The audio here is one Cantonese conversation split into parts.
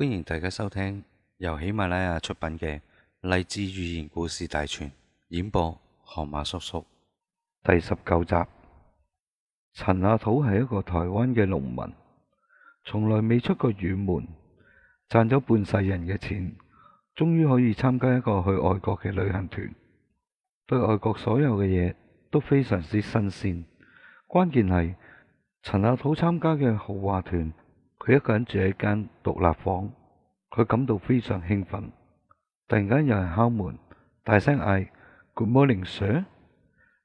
歡迎大家收聽由喜馬拉雅出品嘅《勵志寓言故事大全》，演播河馬叔叔，第十九集。陳阿土係一個台灣嘅農民，從來未出過遠門，賺咗半世人嘅錢，終於可以參加一個去外國嘅旅行團。對外國所有嘅嘢都非常之新鮮，關鍵係陳阿土參加嘅豪華團。佢一個人住喺間獨立房，佢感到非常興奮。突然間有人敲門，大聲嗌：Good morning, sir！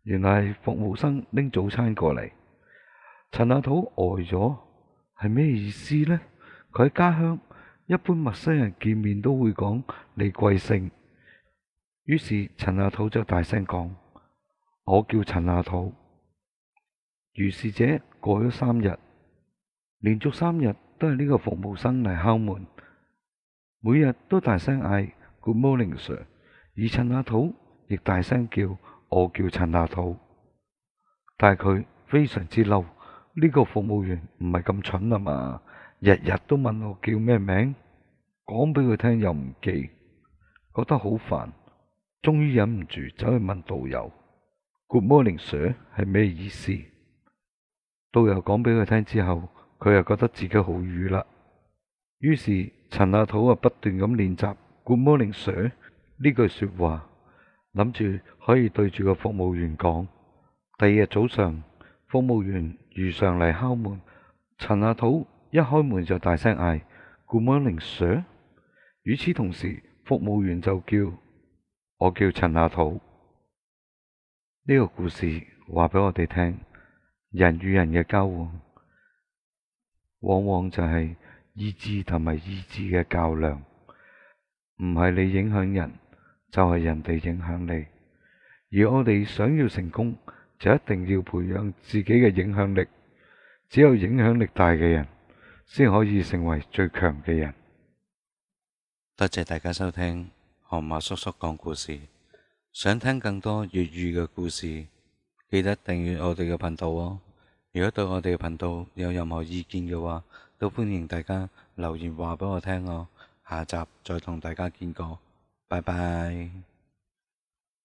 原來服務生拎早餐過嚟。陳阿土呆咗，係咩意思呢？佢喺家鄉，一般陌生人見面都會講你貴姓。於是陳阿土就大聲講：我叫陳阿土。如是者過咗三日，連續三日。都係呢個服務生嚟敲門，每日都大聲嗌 Good morning sir。而陳阿土亦大聲叫，我叫陳阿土，但係佢非常之嬲，呢個服務員唔係咁蠢啊嘛？日日都問我叫咩名，講俾佢聽又唔記，覺得好煩，終於忍唔住走去問導遊 Good morning sir 係咩意思？導遊講俾佢聽之後。佢又覺得自己好瘀啦，於是陳阿土啊不斷咁練習 Good morning sir 呢句説話，諗住可以對住個服務員講。第二日早上，服務員如常嚟敲門，陳阿土一開門就大聲嗌：Good morning sir。與此同時，服務員就叫：我叫陳阿土。呢、這個故事話俾我哋聽，人與人嘅交往。往往就係意志同埋意志嘅較量，唔係你影響人，就係人哋影響你。而我哋想要成功，就一定要培養自己嘅影響力。只有影響力大嘅人，先可以成為最強嘅人。多謝大家收聽，河馬叔叔講故事。想聽更多粵語嘅故事，記得訂閱我哋嘅頻道哦。如果對我哋頻道有任何意見嘅話，都歡迎大家留言話畀我聽哦。下集再同大家見過，拜拜。